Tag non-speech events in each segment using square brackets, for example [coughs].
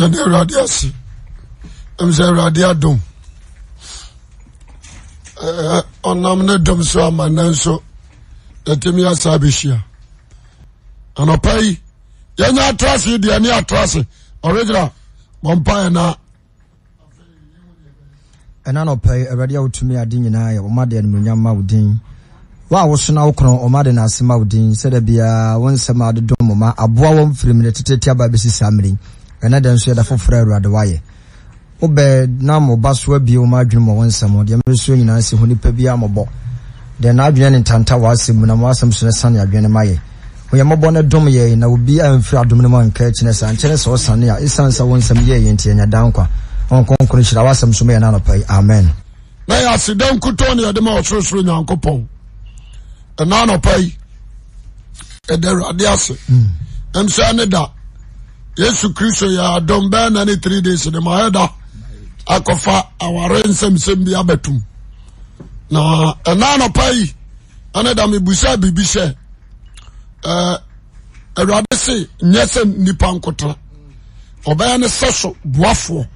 yɛde awurade ase ɛm sɛ awurade adom ɔnam ne dom so ama nɛ nso yɛtumi asa bɛhyia anɔpa yi yɛnyɛ atrase deɛ ne atrase ɔregina bɔmpaɛ na ɛna nɔpa yi awurade a wotumi ade nyinaa yɛ wɔma de animonyam ma wo din wa a woso na wo korɔn ɔma de n'ase ma wo din sɛdɛ biaa wo nsɛm a adedom mɔma aboa wɔn mfiri mmerɛ tetete aba bɛsi saa mmere ɛnɛ dɛ nso yɛda foforɔ awurade wayɛ wobɛ na mɔba so abie wo ma adwene ma wɔ nsɛm deɛ mɛsuo nyinaa sɛ ho nipa biaa mɔbɔ deɛ n'adwene ne ntanta wɔasɛm mu na mawasɛm so no sane adwene ma yɛ oyɛmmɔbɔ no dom yɛ na obi amfiri adom no mu anka akyinɛ saa nkyɛne sɛ wosane a ɛsiane sɛ wo nsɛm yɛyɛ nti ɛnya da nkwa ɔnkɔnkɔno hyira woasɛm so mɛyɛ no anɔpa yi amen na yɛ aseda nkutɔ ne yɛde ma ɔsorosoro nyankopɔn ɛna anɔpa yi ɛda awurade ase ɛm mm. ne da yesu kristo yɛ adɔm bɛɛ na ne three days ne ma ɛda akɔfa aware nsɛmsɛm bi abɛtum na ɛna anɔpa yi ɛne da mebusa biribi sɛ awurade se nyɛ sɛ nnipa nkotena ɔbɛyɛ ne sɛ so boafoɔ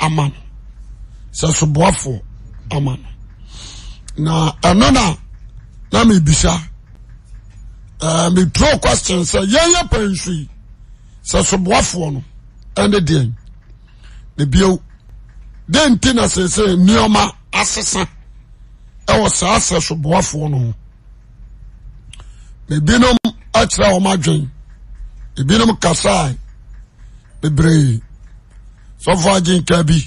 ama no sɛ boafoɔ ama no na ɛno na na mebisa meturo question sɛ yɛnyɛ pansu yi sɛ soboafoɔ no ɛne deɛn ne bio den nti na seesei nneɔma asesa ɛwɔ saa sɛ soboafoɔ no ho na ebinom akyerɛ wɔn adwen ebinom kasae bebree sɔfo agyen kaa bi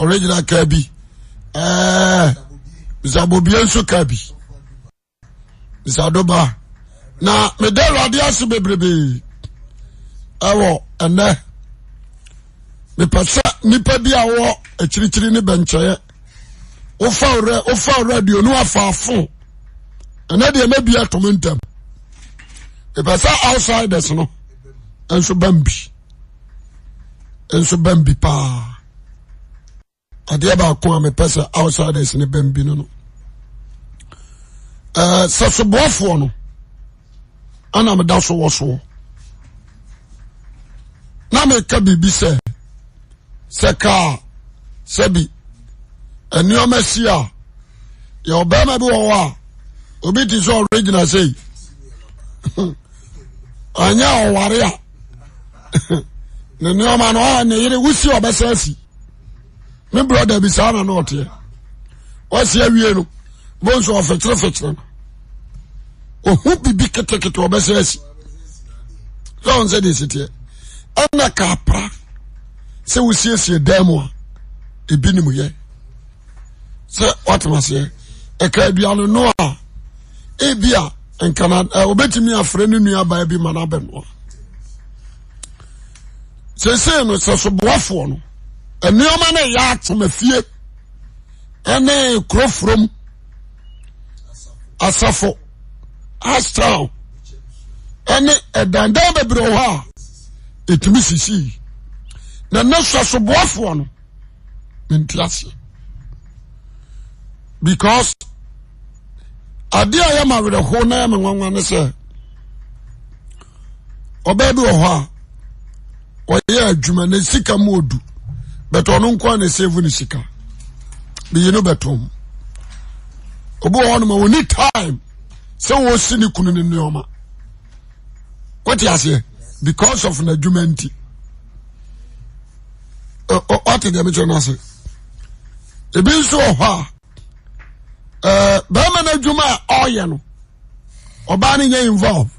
original kaa bi ɛɛ nsabobie nso kaa bi nsadoba na meda awurade ase bebrebee ɛwɔ ɛnɛ mepɛ sɛ nnipa bi a wɔ akyirikyiri ne bɛnkyɛeɛ deɛ radio afa wafaafo ɛnɛ deɛ na bia tome ntam mepɛ sɛ outsiders no nso ban bi nso ban bi paa adeɛ baako a mepɛ sɛ outsiders ne ban bi no no sɛ soboafoɔ no ana meda so wɔ soɔ na meka biribi sɛ sɛ kaa sɛ bi nneɛma si a yɛwɔ bɛrima bi wɔ hɔ a obi ti sɛ ɔregina sei ɔnyɛ ɔware a ne nneɛma no ɔyɛ ne yere wusi ɔbɛsɛ asi me brɔda bi saa na na ɔteɛ awie no bonso ɔfɛkyerɛ fɛkyerɛ no ohu bibi ketekete ɔbɛsɛ asi sɛ sɛ de si teɛ ɛna kaapra sɛ wosiesie dan mu a ebi nim yɛ sɛ watema seɛ ɛka aduane no a ebi a nkana obetumi afrɛ ne nua baa bi ma no abɛnoa seesei no sɛ soboafoɔ no nneɛma no ɛyɛ akyema fie ɛne kurofurom asafo astown ɛne ɛdandan bebree wɔ hɔ a ɛtumi sisii na na suasoboafoɔ no menti aseɛ because adeɛ a yɛma awerɛho na yɛma nwanwa ne sɛ ɔbaa bi wɔ hɔ a ɔyɛ adwuma na sika mu odu but ɔno nko a na ɛsɛvu ne sika biyi no bɛtom obi wɔ hɔ no ma wɔni time sɛ wɔsi ne kunu ne nneɔma wote aseɛ because of n'adwuma nti ɔte deɛ mekyerɛ no ase ebi nso wɔ hɔ a uh, bɛrima no adwuma a ɔyɛ no ɔbaa no nyɛ involve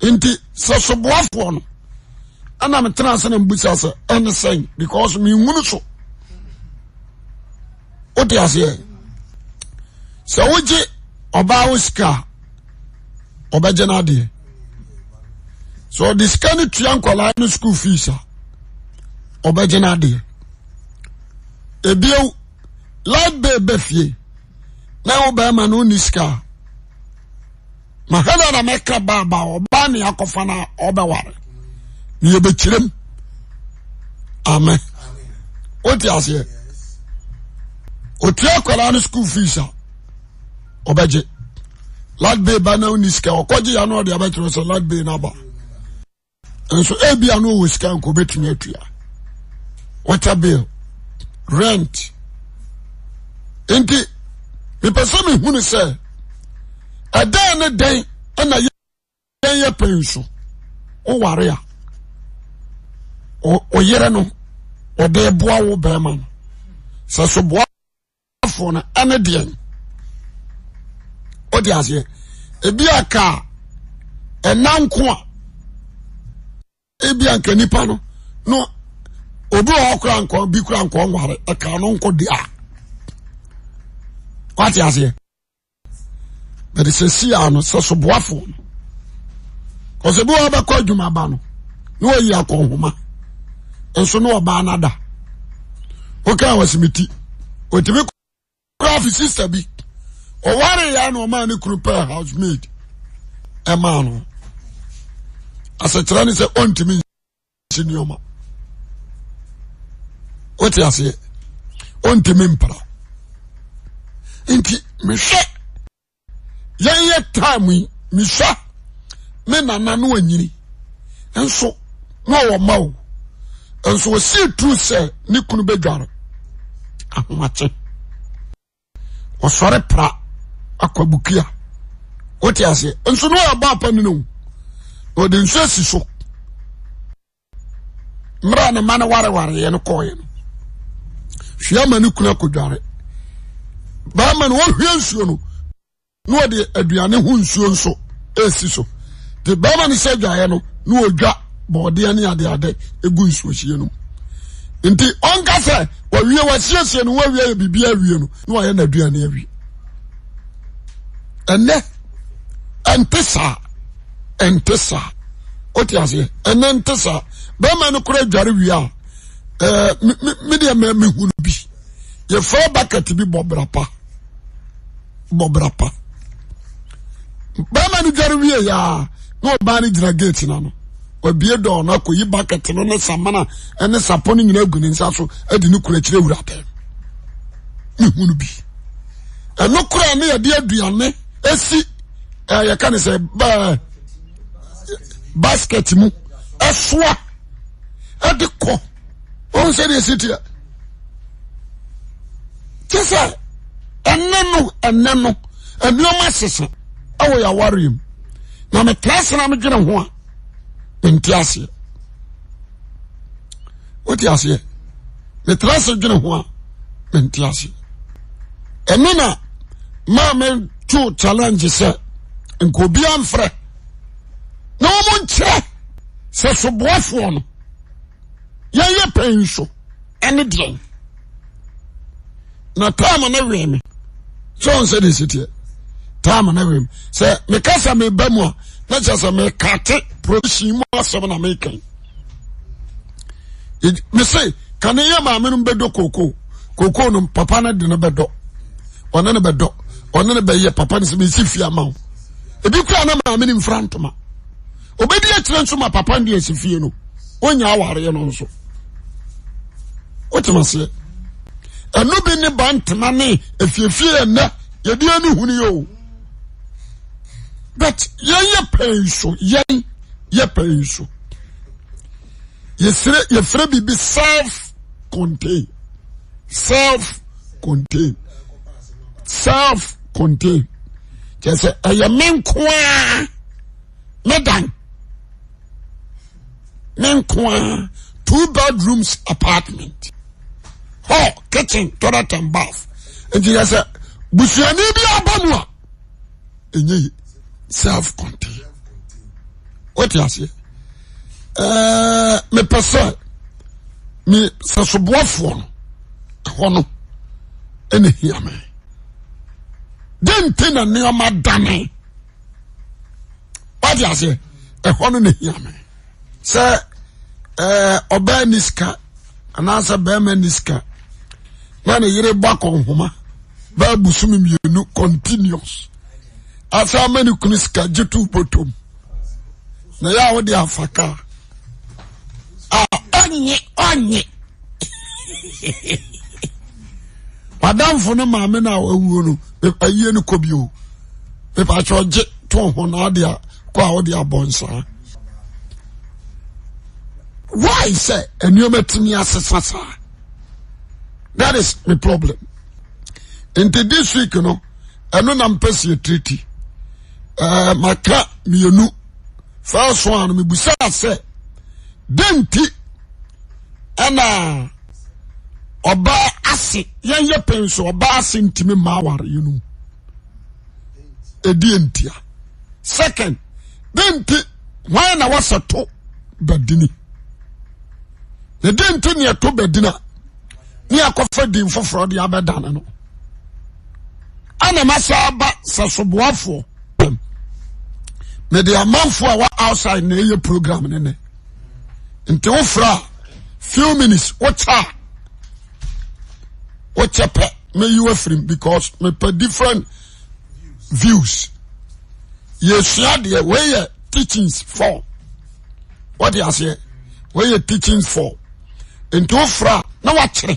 nti sɛ soboafoɔ no ɛna metena ase na mbusa sɛ ɛne sɛn because menhunu so wote aseɛ sɛ wogye ɔbaa wo sika ɔbɛgye no So ɔde sika no tua nkɔlaa no school fees a ɔbɛgyena adeɛ ebio light bill bɛ fie na wo bɛrima no wonni sika a na mɛka baaba ɔbaa ne akɔfa no a ɔbɛware ne yɛbɛkyirem amɛ wote aseɛ otua akwaraa no school fees a ɔbɛgye light bill ba na wonni sika ɔkɔgye ya no ɔde abɛkyerɛ sɛ light bill no aba nso ebia no wɔ sika nko obetumi atua water bill rent nti mepɛ sɛ mehunu sɛ ɛdan ne den ɛna yɛn yɛ pɛn so woware a ɔyere no ɔde boa wo bɛrima no sɛ so boafoɔ no ɛne deɛn ɔde aseɛ ebi aka ɛna nko ebia nke nipa no no obi wɔ nkɔ bi nkɔ nware ɛka no di a kwate aseɛ bɛde sɛ si a no sɛ soboafo no kɔsɛ bi adwuma ba no na wɔyi akɔ nhoma nso ne ɔbaa no da wokaa wɔsimiti ɔtumi kora afe sista bi ɔware na ɔmaa ne kuru pɛ housemaid ɛmaa asekyerɛ ne sɛ oh, ɔntumi nsi nneɔma wote aseɛ ɔntumi oh, mpra nti mehwɛ yɛnyɛ time yi mehwɛ me nana no anyini nso na ɔwɔ ma o nso ɔsii turu sɛ ne kunu bɛdware ahomakye ɔsɔre pra akwabukia wote aseɛ nso na ɔyɛ baapa nino ɔde nsu asi so mmerɛ a ne ma no warewareɛ no kɔɔeɛ no hwea ma no kuna kɔdware baama no wahwea nsuo no na ɔde aduane ho nsuo nso ɛsi so nti baama no sɛ dwaeɛ no na ɔdwa bɔɔdeɛ ne adeade ɛgu nsuohyie no mu nti ɔnka sɛ wawie wasiesie no wawie yɛ biribia awie no na wayɛ n'aduane awie ɛnɛ ɛnte saa ɛnte saa wote aseɛ ɛnɛ nte saa bɛrima no kora adware wie eh, a medeɛ ma mehu no bi yɛfrɛ bucket bi bɔbra pa bɔbra pa bɛrima no dware wie yɛa na ɔbaa no gyina gate na no wabie dɔɔ na akɔyi bucket no ne samana ne sapo no nyinaa agu ne nsa so adi ne kurakyerɛ wura atɛm mehu no bi ɛno koraa ne yɛde aduane asi eh, yɛka ne sɛ bɛɛ basket mu soa de kɔ ɔsɛde ɛsiti a kɛ sɛ ɛnɛ no nɛ no anuoma sesa ɛwɔ yɛawareɛm na metrase na m dwene ho a mente aseɛ iaeɛ metrase dwene ho a menteaseɛ ɛnona ma metwo challenge sɛ nkɔbia mfrɛ na wɔn nkyerɛ sɛ soboafoɔ no yɛyɛ pɛn so ɛne deɛn na taama na wɛn mi sɛ wɔn sɛ de si teɛ taama na wɛn mi sɛ mekasa meba mu a na kyerɛ sɛ mekate prosin mu asɛm na mekan mese kane yɛ maame no bɛdɔ kookoo kookoo no papa no de no bɛdɔ ɔne no bɛdɔ ɔne no bɛyɛ papa no sɛ mesi fie ama wo ebi kura na maame no mfra ntoma obɛdi akyerɛ nso ma papa ndeɛ asi fie no ɔnya awareɛ no nso wotim aseɛ ɛno bi ne ba ntema ne afiefie ɛnɛ yɛdeɛ no huni o but yɛnyɛ pɛi so yɛn yɛ pɛi so yɛsrɛ yɛfrɛ biribi self contain self contain self contain kyerɛ sɛ ɛyɛ me nko dan ne two bedrooms apartment hall kitchen toilet and bath nti yɛ sɛ busuani bi aba mu a ɛnyɛ self contained wote aseɛ eh, ɛɛ mepɛ sɛ me sɛsoboafoɔ no ɛhɔ eh, no ɛna hia me dɛn a na nneɛma dane wote aseɛ ɛhɔ no na hia me sɛ eh, ɔbaa ni sika anaasɛ bɛrima ni sika na ne yere bɔ akɔnhoma bɛɛ busu mi mmienu continuous afei ama ne kunu sika gye tu bɔtɔm na yɛ a wɔde afa kaa a ɔnye ɔnye wadamfo [laughs] no maame no a wawuo no ayie no kɔ bio mepa kyɛ ɔgye to ho na ade a kɔ a wɔde abɔ nsaa why sɛ nneɛma tumi asesa saa that is my problem nti this week no ɛno na mpɛ si etiriti ɛɛ eh, maka mmienu first one mi busa sɛ denti ɛna ɔbaa ase yɛn yɛ pɛn so ɔbaa ase ntumi maa ware yɛn mu ntia second denti wɔn na wɔsɛ to badini ne di nto ne ɛto bɛdina ne akɔfa din foforɔ de abɛdane no ana masa ba sɛsoboafoɔ mede amanfoɔ a wa outside na ɛyɛ program ne nɛ nti wo a few minutes wokyɛ a wokyɛ pɛ mɛyi wafirim because mepɛ different views yɛsua deɛ wɔyɛ teachings for wɔde aseɛ wɔyɛ teachings for ntiwofra na wakyerɛ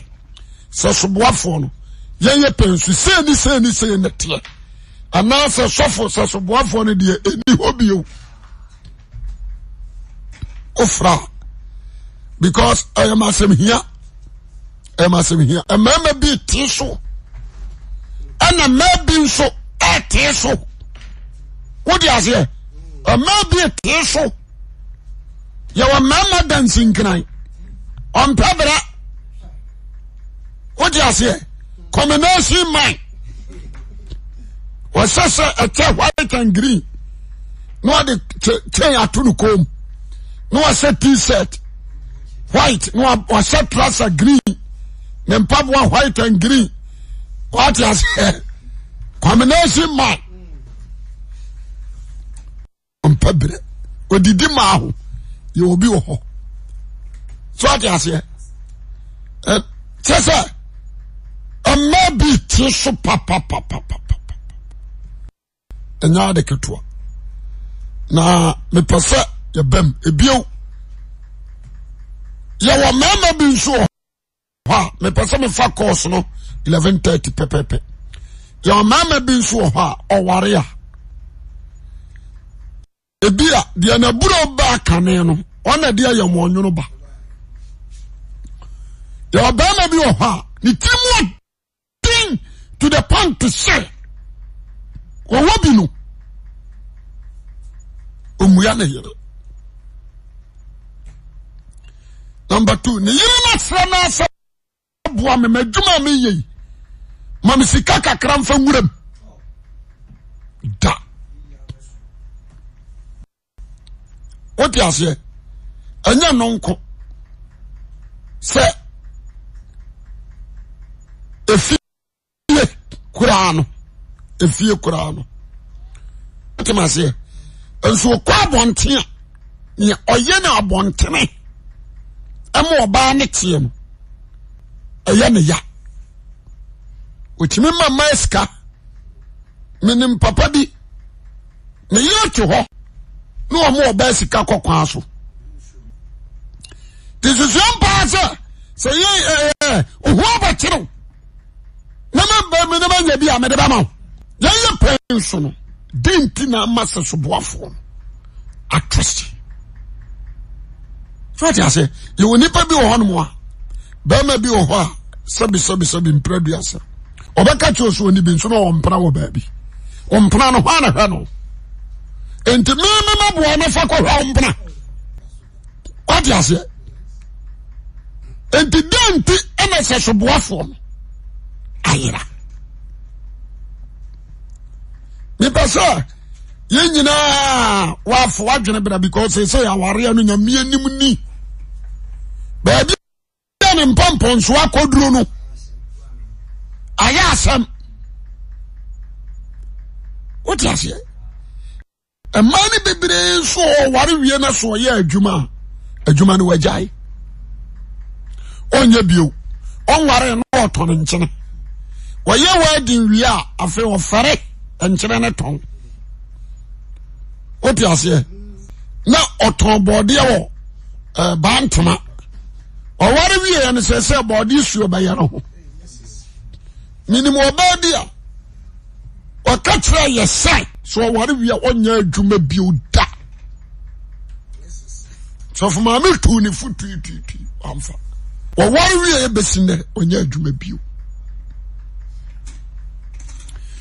sɛ soboafoɔ no yɛyɛ pɛ so sene sene sei ne teɛ anaasɛ sfo sɛ soboafoɔ no deɛ nihɔ bi wofraa because ymasɛmhiamasi mama bi te so ɛna ma bi nso te so wodeaseɛ mabi te so yɛwɔ maoma dansinkran ɔmpɛ bra wote aseɛ combination man wɔsɛ sɛ ɛkyɛ white and green na wɔde chain ato no kɔn mu na wɔsɛ t-shirt white na wɔsɛ trouser green ne mpaboa white and green wɔte aseɛ combination man ɔmpɛ brɛ odidi maa ho yɛ obi wɔ hɔ. soate aseɛ teɛ sɛ ɛma bi te so papap ɛnyaadekatoa na mepɛ sɛ yɛba m bio yɛwɔ maama bi nso wɔhɔ a mepɛ sɛ mefa kas no 1l30 pɛpɛpɛ yɛwɔ maama bi nso wɔ hɔ a ɔware a ebia deɛ naburo baa kane no ɔna deɛ yɛwɔ ɔwono ba yɛ ɔbɛrima bi wɔ hɔ a ne tirim wɔ den to the point sɛ wɔwɔ bi no omua ne yere number two ne yere no serɛ no asɛ boa me ma adwuma a meyɛ yi ma me sika kakra mfa nwuram da wote aseɛ ɛnyɛ no nko sɛ ase nsuko abɔntea nea ɔyɛ ne abɔntene ma ɔbaa ne keɛ no ɛyɛ ne ya ɔtumi ma ma asika menimpapa bi ne yɛ ɔke hɔ na ɔma ɔbaa sika kɔka so te susuampaa sɛ sɛ hobɔkyerew na mɛbɛ mi na mɛnyɛ bi a mɛde bɛ ma o yɛnyɛ pɛn nso no den ti na ama sɛ soboafoɔ atrɔsi fɛti ase yɛwɔ nipa bi wɔ hɔ nom a bɛrima bi wɔ hɔ a sɛbi sɛbi sɛbi mpira bi ase ɔbɛka kyerɛ so oni bi nso na wɔn mpira wɔ baabi wɔn mpira no hɔ anahwɛ no nti mímu ma bu ɔno fa kɔhwɛ wɔn mpira wati ase nti den ti ɛna sɛ soboafoɔ no ayera mepɛ sɛ yɛn nyinaa waafo wadwene bra because sɛ yɛawareɛ no nyame anim ni baabi a ne mpɔmpɔnsoa akɔduro no ayɛ asɛm wote aseɛ ɛma no bebree nso ɔware wie no so ɔyɛ adwuma a adwuma no wagyae ɔnyɛ bio ɔnware no ɔtɔne nkyene wɔyɛ wedding wie a afei wɔfɛre nkyerɛ ne tɔn wote aseɛ na ɔtɔn bɔɔdeɛ wɔ baa ntoma ɔware wieɛ no sɛ sɛ bɔɔde suo bɛyɛ no ho menim ɔbaa bi a ɔka kyerɛ yɛ sae sɛ ɔware wie ɔnyɛ adwuma bio da sɔfo maame tuu ne fo tuituitui amfa ɔware wieɛ bɛsi nnɛ ɔnyɛ adwuma bio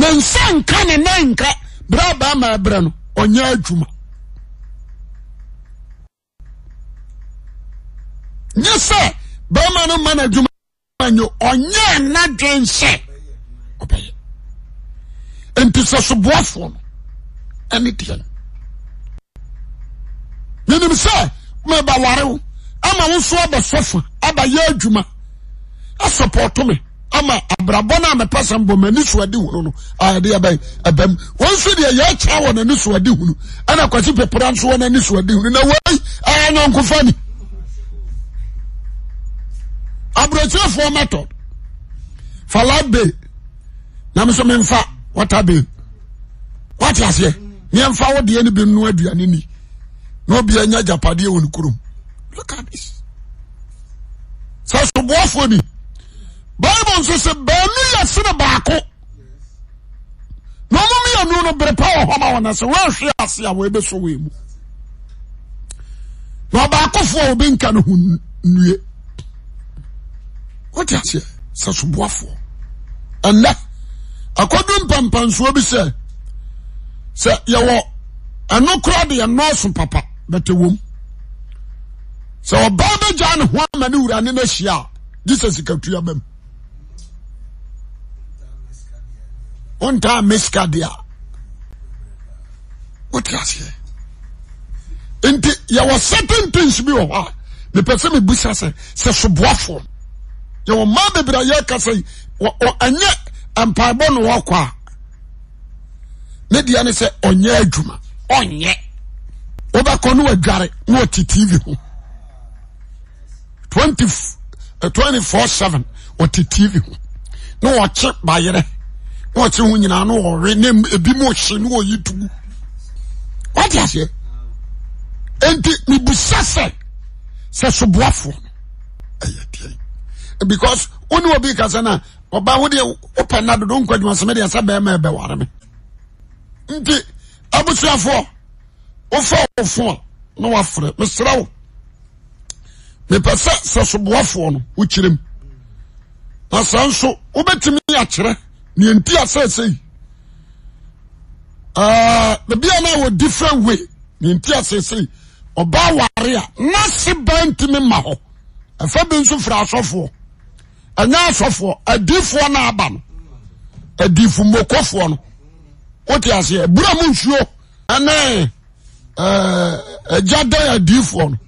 nansɛ nka ne na nka berɛ a baa maa aberɛ no ɔnyɛ adwuma nyɛ sɛ baima no ma noadwumamanyɛ ɔnyɛɛ na dwensɛ bɛyɛ enti sɛ so boa soɔ no ne deɛ no menim sɛ mabawarew ama wo nso abɛsɔfa abayɛ adwumaasɛpoɔoe ama abrabɔ no mepɛ sɛ mbɔ m'ani so ade hunu no ayɛde ɛbɛn ɛbɛm wɔn nso deɛ yɛakyerɛ wɔ n'ani so ade hunu ɛna kwasi pepera nso wɔ n'ani so ade hunu na wei ɛyɛ nyɔnkofa ni aburokyerefoɔ method fala be nam so memfa be wate aseɛ meɛmfa wo deɛ no bi no aduane ni na obia nya agyapadeɛ wɔ ne kurom look at this bible so sɛ baanu yɛ se ne baako nomomyanu no bere pɛ hɔma wonosɛ wohwe ase a wbɛsee mu nabaakofoɔ wɔbinka nhoɛkwd apans bisɛ sɛ yɛwɔ ɛno kora de ɛnɔɔso papa bɛtɛwo m sɛ ɔbaa bɛgya ne ho ama ne wurane nohyia a yisɛskaabam Twenty miska de a wote aseɛ nti yɛwɔ certain things bi wɔ hɔ a mepɛ mebusa sɛ sɛ soboafoɔ yɛwɔ mmaa bebree a yɛka sɛ ɛnyɛ mpaebɔ no wɔkɔ a ne deɛ ne sɛ ɔnyɛ adwuma ɔnyɛ wobɛkɔ ne wadware na ɔte tv ho eh, 24 7 tv ho wɔkye bayerɛ wɔte ho nyinaa no wɔwe ne ebi mu ɔhye ne wɔyi tugu wɔte aseɛ nti mibusa sɛ sɛ soboafoɔ no ɛyɛ deɛ because wone obi kasa no a ɔba wodeɛ wopɛ nna dodo nkɔ adwuma sɛme deɛ sɛ bɛrima ɛbɛware me nti abusuafoɔ wofa wo fo a na wafrɛ mesrɛ wo mepɛ sɛ sɛ no wokyerɛ m na nso wobɛtumi nti asɛsei ah, bebia na wɔ different way nti asɛsei ɔbaa ware a na se ban ntimi ma hɔ ɛfa bi nso firi asɔfoɔ ɛnyɛ asɔfoɔ adifoɔ no aba no adifo mmokofoɔ no wote aseɛ bura mu nsuo ɛne agya eh, dan adifoɔ no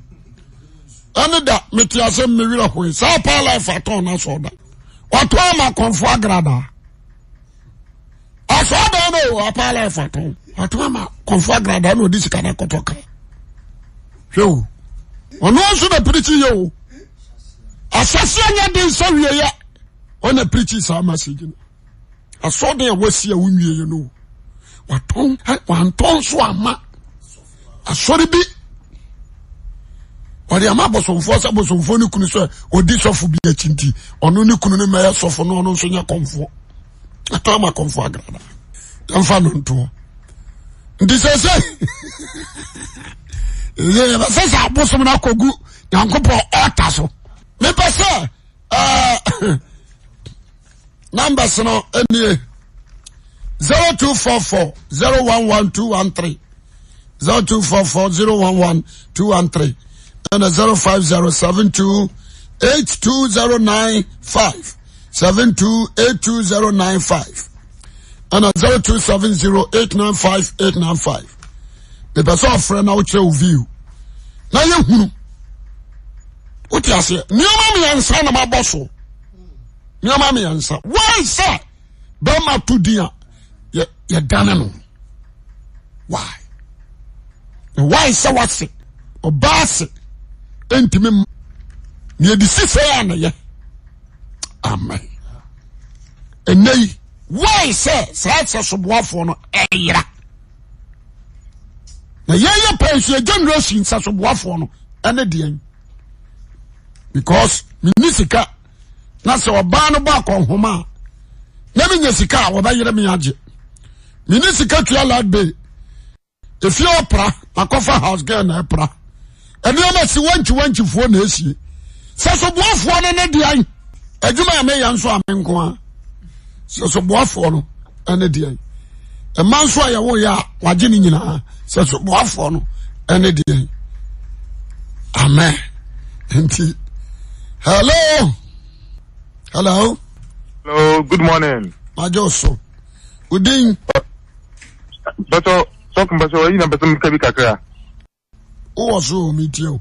ɛne da mete asɛm mewerɛ hoe saa paa life atɔn no asɔ da watɔ ama kɔnfoɔ agradaa asɔɔdan no wɔ apaala afato wato ama kɔnfɔ agrada na odi sika na kɔtɔ ka hwɛ o ɔno na pirikyi yɛ o asase anya de nsa wie yɛ ɔna pirikyi saa ama se gyina asɔɔdan a wɔasi a wonwie yɛ no watɔn wantɔn so ama asɔre bi ɔde ama abosomfoɔ sɛ abosomfoɔ ni kunu sɛ ɔdi sɔfo bi akyi nti ɔno ne kunu ne mɛyɛ sɔfo no ɔno nso nyɛ kɔnfoɔ atɔ ma kɔnfɔ agrada yɛmfa no ntoɔ nti sɛsɛ [laughs] yɛbɛsɛ sɛ abosom no akɔgu nyankopɔn ɔta so mepɛ sɛ eh, [coughs] numbers no nie 0244 011213 0244 zero ɛna 0507282095 seven two eight two zero nine five ɛna zero two seven zero eight nine five eight nine five mepɛ sɛ ɔfrɛ na wokyerɛ wo view na yɛ hunu wote aseɛ nneɛma mmiɛnsa na mabɔ so nneɛma mmiɛnsa wɔn sɛ bɛrima to din a yɛdane no why why sɛ wase ɔbaa se ɛntumi mu nea yɛde si sɛ yɛ anayɛ amen ɛnɛ yi wei sɛ saa sɛ soboafoɔ no ɛyera na yɛyɛ pɛn so yɛgya nnura si nsa soboafoɔ no ɛne deɛn because menni sika na sɛ ɔbaa no bɔ ne mi na menya sika a wɔbɛyere me agye menni sika tua lad bay ɛfie ɔpra akɔfa house girl na ɛpra ɛnneɛma si wankyi wankyifoɔ na ɛsie sɛ soboafoɔ no ne deɛn adwuma a meyɛ nso a me nko a sɛsoboafoɔ no ɛne deɛ ɛma nso a yɛwoyɛ a wagye no nyinaa sɛsoboafoɔ no ɛne deɛ amen nti hello hello hello good morning magye so wodin bɛtɔ sɔko bɛtɔ ayi na bɛtɔ meka bi kakra wowɔ so metie o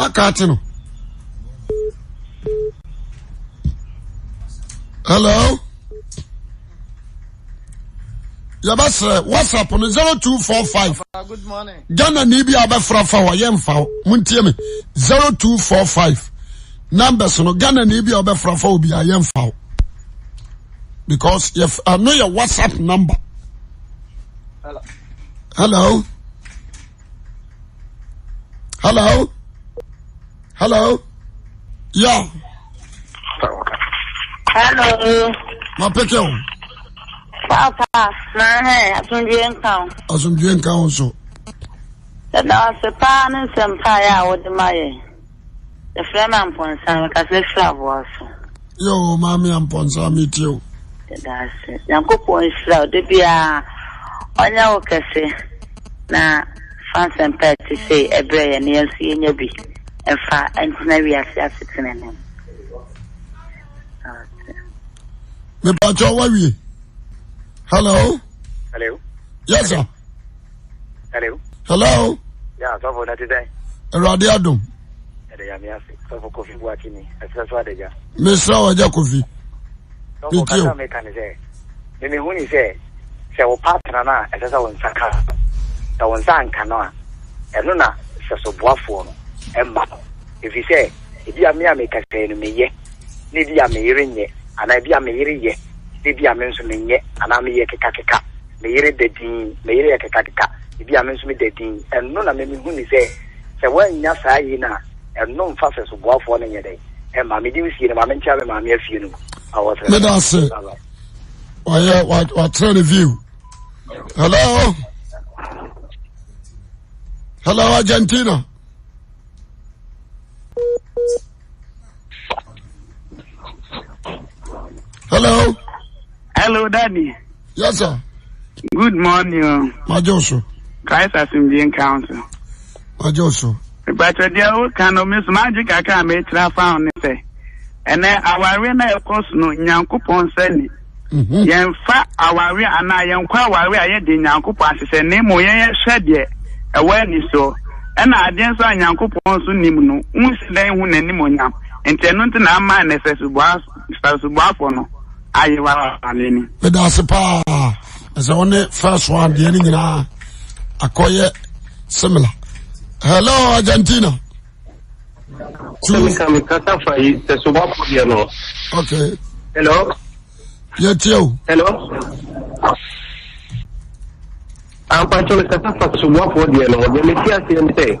waka ate no hello yɛbɛsrɛ whatsapp no 0245 ah, ghana ne bi a wobɛfra fa hɔ yɛmfa wo montie me 0245 numbers no ghana ne bi a wobɛfra fa wɔ bi a yɛmfa wo because yɛf ano ah, yɛ whatsapp number hello hello hello hello yeah. hello. ma peke o. papa ma hẹ asundue nkan. asundue nkan o e e so. dada ọsẹ paa ne nsẹm paa yẹ a wọde ma yẹ efirẹ ma mpọnsa mi kasi efirẹ abụọ so. yoo maami a mpọnsa mi tie o. dada ase nyankopɔ nsira e o de bia ɔnyɛ wo kɛse na fansɛm pɛɛ ti sɛ ɛbrɛ yɛ ne yɛn nso yɛnya bi ɛfa ntena wiase asetena no mepakyɛ wawie hello hello yes sir hello hello ya sɔfo na tetɛ awurade adom ɛde yame ase sɔfo kofi buakye ni ɛsɛ so adagya mesrɛ wɔ agya kofi sɔfo kasa meka ne sɛ memehu ni sɛ sɛ wo partner no a ɛsɛ sɛ wo nsa ka sɛ wo nsa anka no a ɛno na sɛ soboafoɔ no ɛma no ɛfiri sɛ ebi a eh. me a mekasɛɛ no meyɛ na ebi a meyere nyɛ anaa ebi a meyere yɛ na ebi a me nso menyɛ anaa meyɛ kekakeka meyere da din meyere yɛ kekakeka ebi a me nso meda din ɛno na memehu ne sɛ sɛ woannya saa yi no a ɛno mfa sɛ soboafoɔ no nyɛ dɛn ɛma mede wo sie no ma menkyɛ me maame afie no mu meda se ɔyɛ watrɛ ne view hello hello argentina Hello. Hello, Daddy. Yes, sir. Good morning. Oh. Majoso. Christ has been being counsel. Majoso. But uh, dear, what kind of Miss Magic I can make a found say? And then our arena, of course, no, Yankupon Sally. Yemfa awari ana yenkwa awari aye de Nyankopon asese ne yen hwe de ewa ni so ɛna adeɛ nso nso nim no nsi dan hu n'anim onyam nti na ama ne sɛ suboa suboafo no ayewa ale ni. meda ase paa ɛsɛ wo ne first one deɛ ne nyinaa akɔyɛ similar hello argentina okay hello yɛtie o hello ampatwo mekasa fa soboafoɔ deɛ no deɛ meti aseɛ m sɛ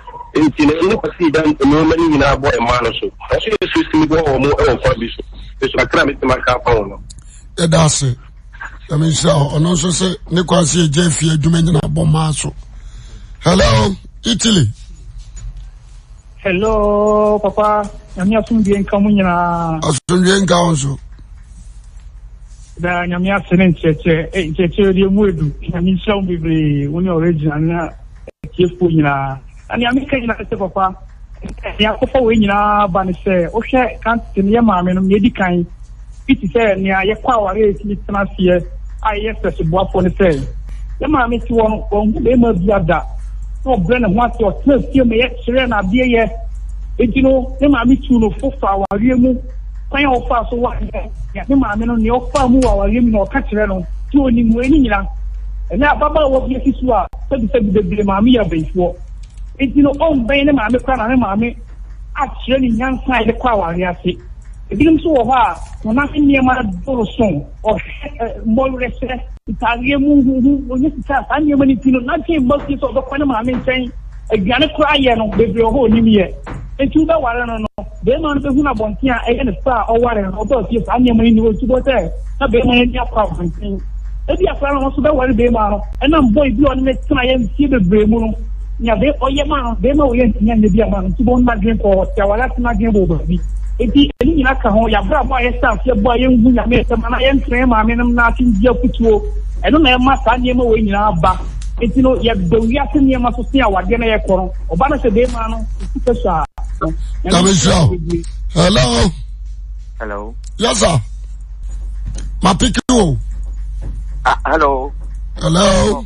nti na ɛno kwasi da nneɛma no nyinaa bɔ ɛma no so ɛso yɛ sistem bɔ wɔ mu ɛwɔ fa bi so ɛso kakra metumi aka afa wo no yɛda ase ɛme nhyira hɔ ɔno nso sɛ ne kwasi agya afie adwuma na bɔ maa so hello italy hello papa nyame asomdwe nka mu nyinaa asomdwe nka wo nso da nyame ase ne nkyerɛkyerɛ eh, nkyerɛkyerɛ deɛ mu edu nyame nhyira wo bebree wo ne ɔregyina ne atiefoɔ nyinaa ɛne ameka nyinaa sɛ papa ni a wei nyinaa ba ne sɛ wohwɛ kante ne yɛ maame no neɛdi kan bi te sɛ nea yɛkɔ aware a ɛtumi tena aseɛ a yɛyɛ sɛ soboafoɔ no sɛ yɛ maame te wɔ no ɔnhu bɛrima bi ada na ɔbrɛ ne ho ase ɔtena fie ma yɛkyerɛ no adeɛ yɛ enti no ne maame tu no fo fa awareɛ mu kwan a wɔfa so wayɛ ne maame no nea ɔfa mu wɔ awareɛ mu na ɔka kyerɛ no ti ɔnim wei no nyina ɛnɛ ababaawa bi asi so a sɛbisɛbi bebree maame yɛ abayifoɔ nti no ɔmbɛn oh, ne maame kora na ne maame akyerɛ ne nyansa a yɛde kɔ awaare ase ebinom nso wɔ hɔ a wɔnase nneɛma doro so ɔhwɛ mmɔwerɛhyɛ ntaareɛ mu huhu onye sika saa nneɛma no ti no natwe mba fie sɛ ɔbɛkɔ ne maame nkyɛn aduane kora ayɛ no bebree ɔhɔ onim yɛ nti wobɛware no no bɛrima no bɛhu no abɔnten a ɛyɛ ne fa a ɔware no ɔbɛɔ fie saa nneɛma no ni ɔtu bɔ sɛ na bɛrima no ani akɔ abɔnten ebi akora no nso bɛware bɛrima no ɛnam bɔ ebi a ɔne ne tena yɛ nsie bebree mu no nya bɛ ɔyɛ oh, maa bɛrima oyɛ oh, ntinya nyɛ bi a maa nti bɔn na dwen kɔ yawara tena dwen bɔ baabi eti ɛni e, nyina ka ho yabra bɔ a yɛ sa afiɛ bɔ a yɛ ngu nyame ɛsɛm ana yɛ ntɛn maame nom na ati e, e, di akutuo ɛno na ɛma saa nneɛma wɔ nyinaa ba eti no yɛ dɔwui ase nneɛma so sin awadeɛ na yɛ kɔrɔ ɔba no sɛ bɛrima no esi kɛ so a. kabesiraw hello. hello. yasa ma pikin o. ah hello. hello. hello.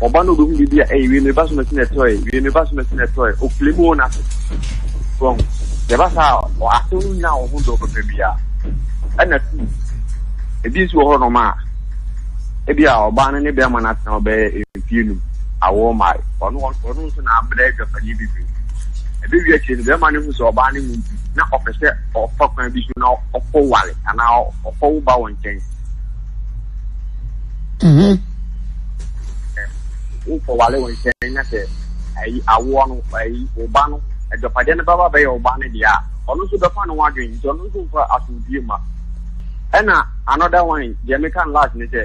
ɔba no obehu biribi a ɛyɛ wie meba so masi na ɛtɔ yɛ wie meba so masi na ɛtɔ yɛ okule mu wɔn ase wɔn yɛba saa ɔase no nyinaa wɔn ho dɔɔ pɛpɛ bia ɛna tu ebi nso wɔ hɔnom a ebi a ɔbaa no ne bɛrima no atena ɔbɛyɛ mfie num awo ɔmaa ɔno ɔno nso na abɛrɛ adwafani bebree ebi wie akyire no bɛrima no ho sɛ ɔbaa no mu bi na ɔpɛ sɛ ɔfa kwan bi so na ɔkɔ wale anaa ɔkɔ wo ba wɔ nkyɛn. Mhm. wokɔwale wo nkyɛn na sɛ ayi awoɔ no ayi ɔba no adwapadeɛ no bɛba bɛyɛ ɔba no deɛ a ɔno nso bɛfa ne ho adwene nti ɔno nso mfa asomdue ma ɛna eh, another one deɛ meka no last ne sɛ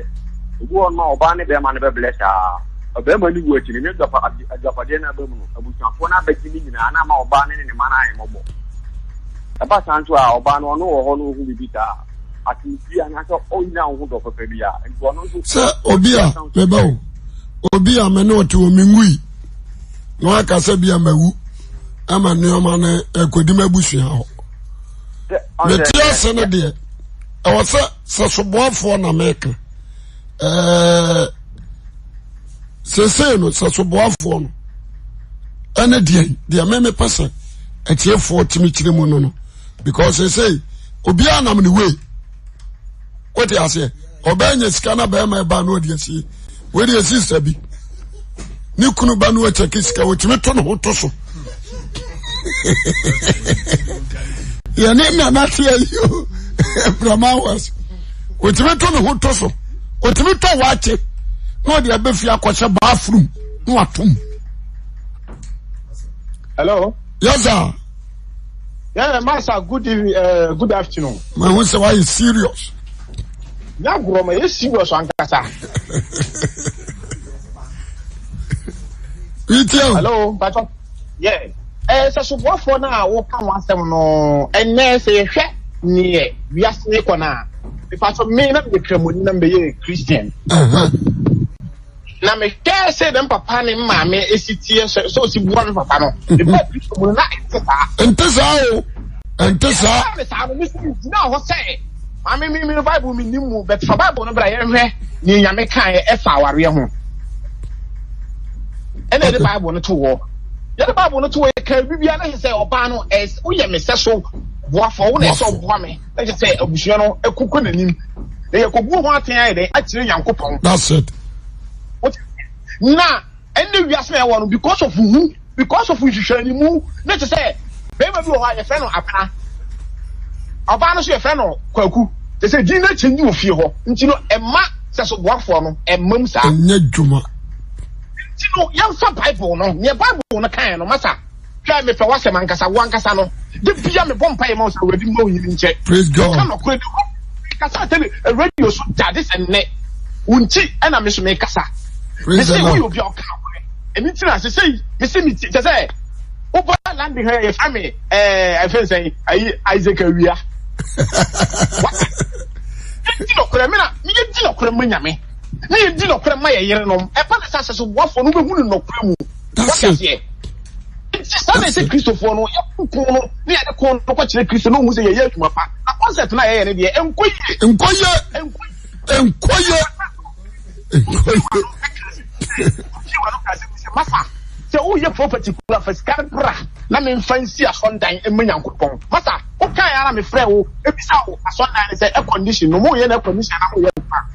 ne bɛrima no bɛblɛ saa ɔbɛrima no wu akyi ne no nyinaa na ama ɔbaa no ne ne ma no ayɛ nso a no ɔno wɔ hɔ no ɔhu saa a nti obi a mene ɔte wɔ mengui na waka sɛ bia mawu ama nneɔma no akɔdi abusua hɔ meti ase no deɛ ɛwɔ sɛ sɛ soboafoɔ na meka sesei no sɛ soboafoɔ no ɛne deɛ deɛ memepɛ sɛ atiefoɔ timi kyerɛ mu no no because sesei obiaa nam ne wei wote aseɛ ɔbɛɛ nya sika na bɛɛma ɛba na ɔde asie wedi asisa bi ne kunu ba no wakyɛke sika wɔtumi to ne ho to so yɛne nanateɛ yio brahma was wɔtumi to ne ho to so wɔtumi tɔ waakye na ɔde abɛfie akɔhyɛ baafrom na tum. hello yaza. sir yeah master good evening uh, good afternoon mahu sɛ woayɛ serious nyagorɔ ma yɛ serious ankasa [laughs] Itiyo. Hello, Patrick. Yeah. Ẹ sẹ sobuafo náà wọ́n ká wọn asẹ́mu nù ẹnẹ́ sẹ yẹ hwẹ́ ni yẹ wiase yẹ kọ náà mipasọ mi nam yẹ kramoni nam bẹ yẹ christian. Na mi hwẹ́ sẹ dẹ̀ mpapa ni mama esi tiẹ sẹ sọ si buwa ni papa no. Ìbá mhm. kristu mu náà ẹ̀ ti o. Ntẹ sá. Ẹ bá mi sá mi sọ mi gyina mi mi báyìí mi ni mu But fà báyìí bọ̀ ní bẹ̀rẹ̀ ni nyame kan yẹ ẹ fa awareɛ ho ɛna yɛde baabu no to wɔ yɛde baabu no to wɔ yɛka bibi a n'ahyɛ sɛ ɔbaa no ɛs woyɛ mi sɛ so boafo wo na ɛsɛ ɔboa mi n'ahyɛ sɛ abusua no ɛkoko n'anim na yɛ kogu ho atɛn ayɛ dɛ akyerɛ yanko pɔn. that's it. na ɛnna wiase yɛ wɔ no because of hu because of nhwehwɛ ni mu n'akyɛ sɛ bɛrima bi wɔ hɔ a yɛfrɛ no apana ɔbaa no nso yɛfrɛ no kwaku te sɛ gyin n'akyɛ nyi wɔ fie hɔ nti no ɛma sɛ so no ɛma mu saa. ɛnyɛ dwuma nti no yɛmfa bible no neɛ bible no kaeɛ no masa hwɛ mefɛ woasɛm ankasa wo ankasa no de bia mebɔ mpaeɛ ma wo sɛ awurade mma onyini nkyɛ ɛka nɔkorɛ de kasa tele radio so dade sɛ nnɛ wo nti ɛna me so mekasa mesɛ woyɛ obi a ɔka nokorɛ ɛno nti na sesɛi mesɛ meti kyɛ sɛ wobɔ lande hɛ yɛfa me ɛfɛ eh, sɛn ayi isaac awia nti [laughs] nɔkorɛ me na meyɛ di nɔkorɛ ma nyame ne yɛ di nɔkorɛ ma yɛ yere nom ɛfa na sase so boafoɔ no wobɛhu ne nɔkorɛ mu wakaseɛ nti saa se ɛsɛ kristofoɔ no yɛko kon no ne yɛde kon no kɔkyerɛ kristo na ɔhu sɛ yɛyɛ adwuma pa na concept no a yɛyɛ no deɛ ɛnkɔ yie nkɔ yie nkɔ yie nkɔ yie masa sɛ woyɛ property kura fa sika bra na memfa nsi asɔndan ma nyankopɔn masa wokae ara mefrɛ wo ebisa o asɔndan no sɛ air condition no moyɛ no air condition na moyɛ no pa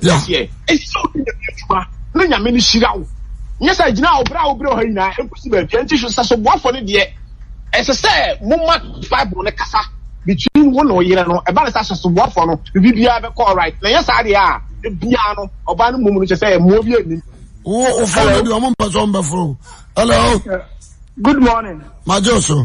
ɛsɛ odi na adwuma na nyame no hyira wo nyɛ sɛ gyina ɔbrɛ a wobrɛ nyinaa ɛnkɔsi baabi ɛnti so sɛ so boafo no deɛ ɛsɛ sɛ moma bible no kasa between wo na ɔyere no ɛba ne sɛ ahyɛ so boafo no biribiara bɛkɔ alright na ɛyɛ saa a ebiara no ɔbaa no mom no kyɛ sɛ mmoa bi anim wo wo fɔ ɔmo mpɛ sɛ ɔmbɛforo hello good morning magye so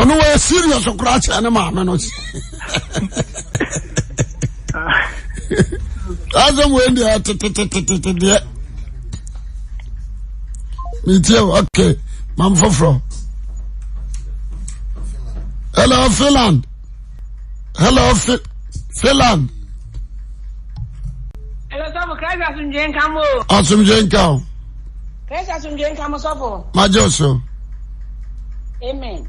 ɔno wɔyɛ serious koraa kyerɛ ne maame no asɛm wei deɛ tetetetete deɛ metie ok mam foforɔ hello finland hello fi finland hello sɔfo christ asomdwe nka mo asomdwe nka o christ asomdwe nka mo sɔfo magye so amen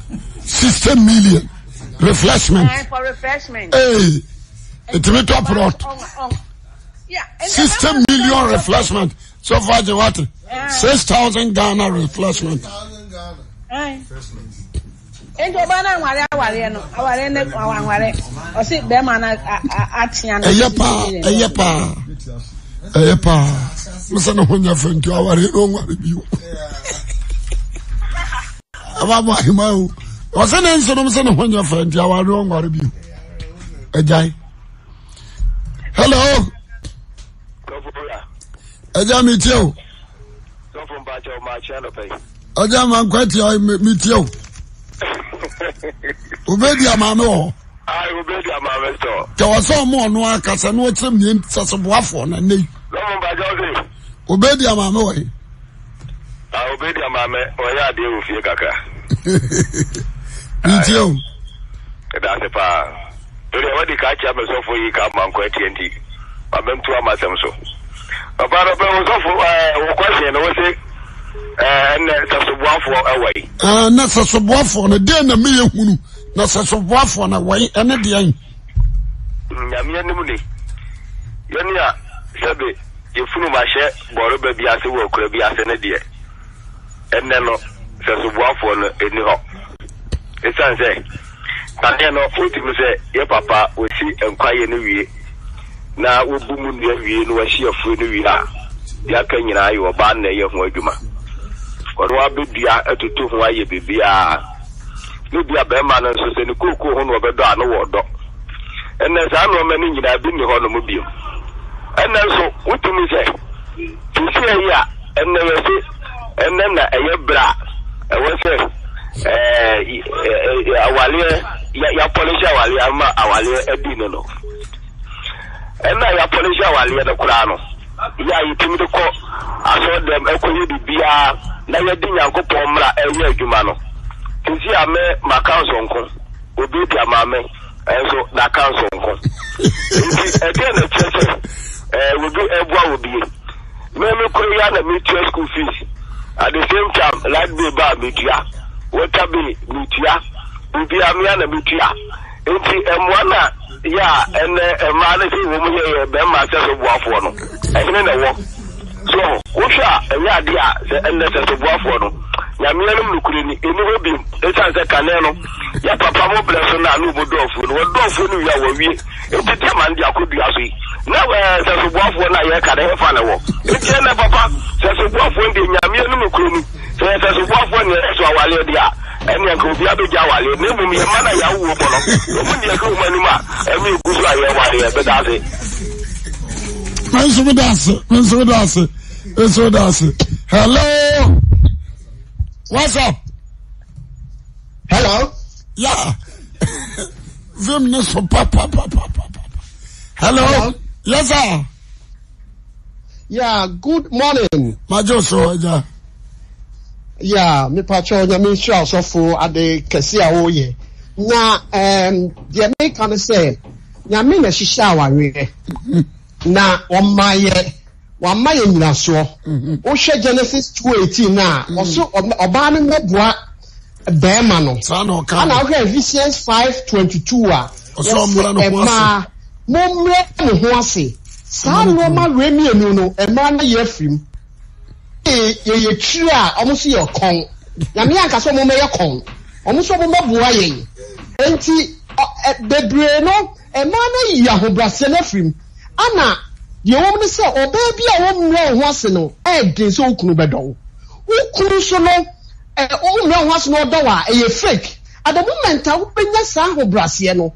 sixty million refreshment ee ètùmí tó product sixty million refreshment so far jẹ wati six thousand ghana refreshment. ẹyẹ paa ẹyẹ paa ɛyɛ paa mesɛ ne ho nya fɛ nti aware ne ɔnware bio o ɔsɛ ne nsonom sɛ ne ho nyɛ fɛ nti aware ɔnware bio agyae hello agya metie o agya mankwa tia metie o [laughs] obɛdi amaame wɔ hɔ tɛwɔ sɛ ɔma ɔno akasa na wɔkyerɛ mie sɛseboafoɔ na nnɛi obɛdi amaame wɔ obɛdi amaame ɔyɛ adeɛ wɔ fie kakra [laughs] nti o. ɛda ase paa tori ɛwɔ eh, eh, ah, de kaa kyia mɛsɔfo yi ka ama nkɔ ɛtiɛ nti wabɛm tu ama asɛm so papa no pɛ wosɔfo ɛɛ wɔkɔhyɛn no wɔsi ɛɛ ɛnɛ sasoboafoɔ ɛwɔ yi. ɛɛ na sasoboafoɔ no den na meyɛ hunu na sasoboafoɔ mm, no ɛwɔ yi ɛne deɛ yi. nyamea nim ne yɛne a sɛbe yɛfunu ma hyɛ bɔreba bi ase wɔ akura bi ase ne deɛ ɛnɛ no sasoboafoɔ no ɛni hɔ. ɛsiane sɛ dadeɛ no ɔtim sɛ yɛ papa wɔsi nkwayɛ no wie na wɔbu mu nnua wie na wɔahyi afuo no wie a deɛ nyinaa yɛ ɔbaa na ɛyɛ ho adwuma ɔno atoto ho ayɛ ne bia bɛrima no nso sɛ kookoo ho na ɔbɛdɔ a ɛnɛ saa nnoɔma no nyinaa bi biom ɛnɛ nso sɛ yi a na ɛyɛ berɛ Eh, eh, eh, awaleɛ yɛapɔlehye awaleɛ ama awaleɛ adi no ɛna yɛapɔlehye awaleɛ no koraa no Ya a de kɔ ɛkɔyɛ bia, na yɛde nyankopɔn mmara ɛyɛ adwuma no nti a mɛ maka nsɔnko obi di ama mɛ ɛnso naka nsɔnko nti ɛdeɛ na kyerɛ sɛ ɛɛ obi ɛboa wɔ bie mɛ school fees at the same time light bill ba a wata bi mutua obi amia na mutua nti mmoa na yɛ a ɛnɛ mmaa no sɛ wɔn yɛ yɛ bɛrima sɛ so boafoɔ no ɛhene na ɛwɔ so wohwɛ a ɛnyɛ adeɛ a sɛ ɛnɛ sɛ so boafoɔ no nyameɛ no nokure ni ɛni hɔ bi ɛsiane sɛ kane no yɛ papa mo brɛ so no a ne ɔmu dɔɔfoɔ no wɔdɔɔfoɔ no wie a wɔwie nti tɛma no de akɔdua so yi na wɔɛ sɛ so boafoɔ no a yɛka ne hefa ne wɔ nti ɛnɛ papa sɛ so boafoɔ no deɛ nyameɛ no nokure ni sɛ sɛ sofoafoɔ neɛ ɛso awaleɛ deɛ so a yɛwaleɛ bɛda ase menso meda ase hello what's up hello yeah [laughs] vim ne so papapapapapa hello, hello? yes sir yeah good morning majo so yeah. ya mepatwa onyame nhyira ɔsɔfo adịghị kɛse a wɔreyɛ na um, nyame na ɛhyehyɛ awareɛ na ɔma yɛ wama yɛ genesis 218 mm-hmm. um, no a ɔso ah. no mmɛboa bɛrima no ana wohwɛ 522 a yɛsɛ ɛmaa mommrɛ ne ho ase saa nneɔma werɛ mmienu no ɛmaa no yɛ Eh, yɛyɛ tiri a ɔmo so yɛ kɔn nyame ankasa ɔmo mɛyɛ kɔn ɔmo so ɔmo mɛboa yɛn nti e, bebree no e, mmaa no yi ahobrɛaseɛ no afiri mu ana deɛ wɔm no sɛ ɔbaa bi a wɔmmura wo ho ase no ɛɛden sɛ wo bɛdɔ wo so no wommura e, wo ho ase no ɔdɔ wo a ɛyɛ fake at the moment a wobɛnya saa ahobrɛaseɛ no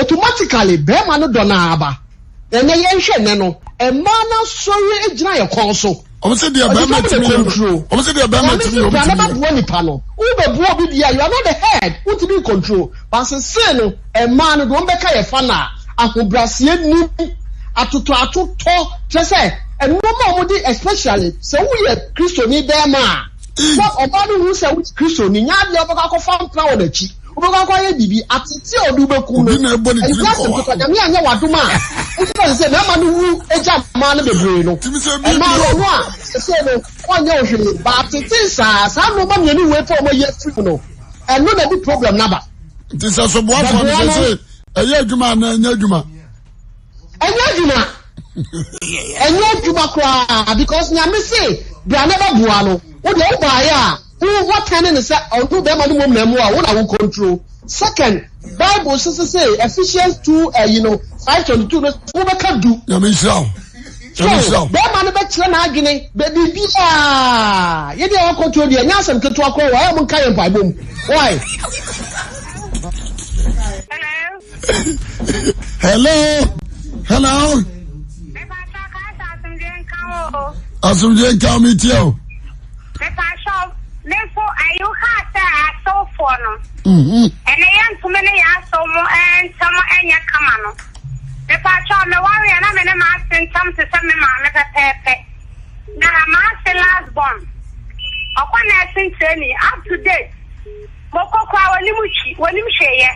automatically bɛrima no dɔ no aba ɛnɛ yɛnhwɛ nɛ no mmaa no asɔre agyina yɛ kɔn so ọmọ sẹ diẹ bẹẹ mẹtí mi yẹn ọmọ sẹ diẹ bẹẹ mẹtí mi yẹn ọmọ sẹ diẹ bẹẹ mẹtí mi yẹn nipa no wúbẹ bu obi di yẹ you are not the head wọ́n ti bí control pàṣẹ sẹ́ẹ̀ no ẹ̀maa no dùn bẹ́ẹ̀ ká yẹ fa na ahobrasiẹ ní atoto atotọ kyerẹsẹ ẹnumọ a wọde especially sẹ wúyẹ kristo ní bẹẹ mọ a sọ ọba ni wọn sẹ wúyẹ kristo ní nyá di ọbẹ kakọ fa mpira wọn akyi ọbẹ kakọ ayẹ bìbí àti tí ọdún bẹ kú no ẹgbẹ àti nkọkọ nyàmíà nyẹ wàdúmọ a nti na sise mmarima no wu agya mmaa no bebree no mmaa no no a sise no wɔnyɛ ohwee baatete saa saa nneɛma mmienu wei pa wɔn yɛ firi mu no ɛno na ɛdi problem naba. nti sɛ soboafoɔ no sɛ sɛ ɛyɛ adwuma anaa ɛnyɛ adwuma. ɛnyɛ adwuma ɛnyɛ adwuma koraa because nyame se duane bɛ boa no wo deɛ a wo wɔtɛn ne sɛ ɔno bɛrima no mu mmamu a wo na wo control second bible sisi se ephesians two eh, you know five twenty two wọ́n bẹ ká du. yàmi nsira o yàmi nsira o. bẹ́ẹ̀ma ni bẹ́ẹ̀ kyerẹ́ n'adwene bẹ́ẹ̀bi biaa yẹ́dí ẹ̀ wọ́n kọ́ tó di ẹ̀ ní asẹ̀m ketewa kọ́ wọ́n ẹ̀ mú nká yẹn pa ibom wáyé. hello hello. nípa sọ ká sọ àsùnjẹ nǹkan o. àsùnjẹ nǹkan mi tiẹ̀ o. nípa sọ. Therefore, ayo ha had that so for no. Mm-hmm. And I am too many years so more and some and your common. The patch on the warrior ma a mask and some last born. Upon nursing training up to date. Moko kwa walimuchi, walimuche ye.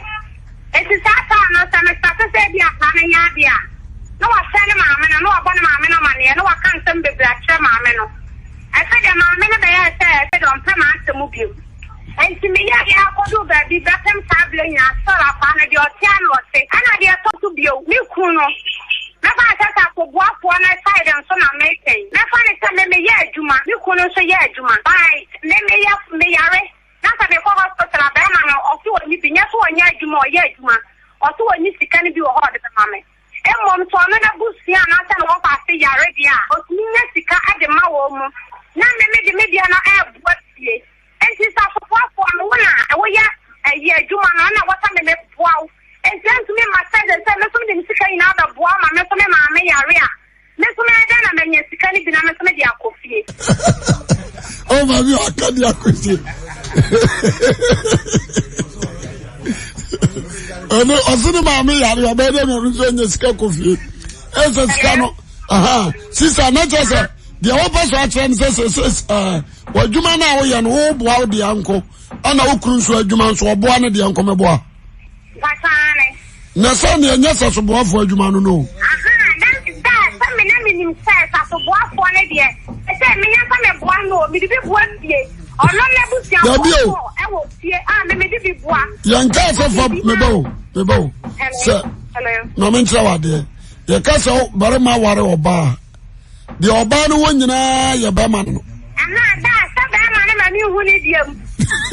No, a mamma and no, I want a mamma no ya and no, I can't send ma no. ɛsɛ deɛ maame no bɛyɛ sɛ ɛsɛ deɛ ɔmpɛ ma asɛm bio nti meyɛ deɛ akɔdo baabi bɛpem saa berɛ nya na afa no deɛ ɔte ana ɔte ɛna deɛ ɛtɔ so bio me ku no mɛfa ne side nso na nso na sɛ mekɔ hospital a bɛrima no ɔse wɔ ne bi nyɛ sɛ ɔnyɛ adwuma ɔyɛ adwuma ɔse wɔ ne sika no na mmemme de media no ɛɛbɔ eh, fie eh, nti sɛ afofoafoɔ no wo na woyɛ ɛyɛ adwuma no ɔna wɔsa mmemme boa wo nti ntumi ma sɛ de eh, sɛ me so mede me sika nyinaa bɛboa wo ma me so me maa me yare a me so mɛdɛ na manya sika no na me so mede akɔ fie ɔma bi aka de akɔ fie ɔno ɔse ne maame yare ɔbɛdɛ na ɔno so anya sika kɔ fie ɛsɛ sika no aha sisa na kyɛ sɛ deɛ wopɛ so akyerɛ no sɛ wadwuma no a woyɛ no woboa wo deɛ nko ana wo kuru nso adwuma nso ɔboa no deɛ nkɔ mɛboa na sɛ ne ɛnyɛ sɛ soboafoɔ adwuma no no yɛnkaa sɛ fa mebɛo mebɛo sɛ na menkyerɛ wo yɛka sɛ barima ware ɔbaa deɛ ɔbaa no wɔ nyinaa yɛ bɛrima no. anaasa bɛrima no ma ihu hu ne deɛ mu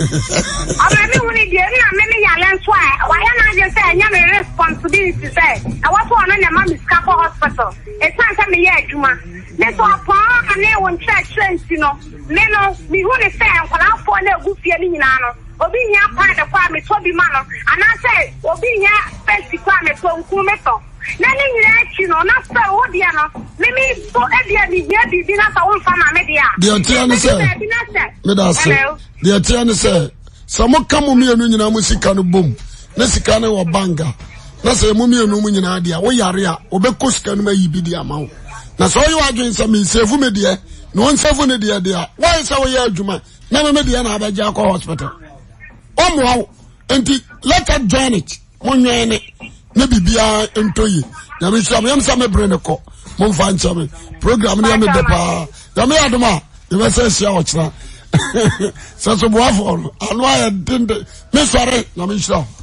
[laughs] ɔma mi hu ne deɛ mu na mi mi yàrá nso a wàyɛ n'adze sɛ ɛnyɛ mi responsibility sɛ ɛwɔ so ɔno na ɛma mi sika kɔ hospital esan sɛ mi yɛ adwuma ne so ɔpɔn ane wɔ nkyerɛkyerɛ nsi no me no mi hu ne sɛ nkɔlaafoɔ na egu fie no nyinaa no obi nya paadi kɔ a mi tɔ bi ma no se obi nya fɛsi kɔ a mi tɔ nkun mi na ne nyinaa akyi no na sɛ wo deɛ no meme so ɛdeɛ mehia biribi na sɛ womfa ma me deɛ a deɛ teɛ ne sɛ meda se deɛ teɛ ne sɛ sɛ moka mo mmienu nyinaa mo sika no bom na sika no wɔ bank na sɛ mo mmienu mu nyinaa deɛ woyare a wobɛkɔ sika no mayi bi deɛ ama wo na sɛ woyɛ w'adwene sɛ mensefu me deɛ na wonsɛfo ne deɛ deɛ a woayɛ sɛ woyɛ adwuma na meme deɛ na abɛgye akɔ hospital ɔmmoa wo nti leta her join it ne biribiaa ntɔ yi nyame nhyira me yɛm sɛ mebere ne kɔ momfa nkyɛ me program ne yɛme dɛ paa nyame yɛ adom a yɛbɛsɛ ahyia ɔkyena [laughs] sɛ so boafoɔ no ano ayɛ dende mesɔre nyame nhyira wo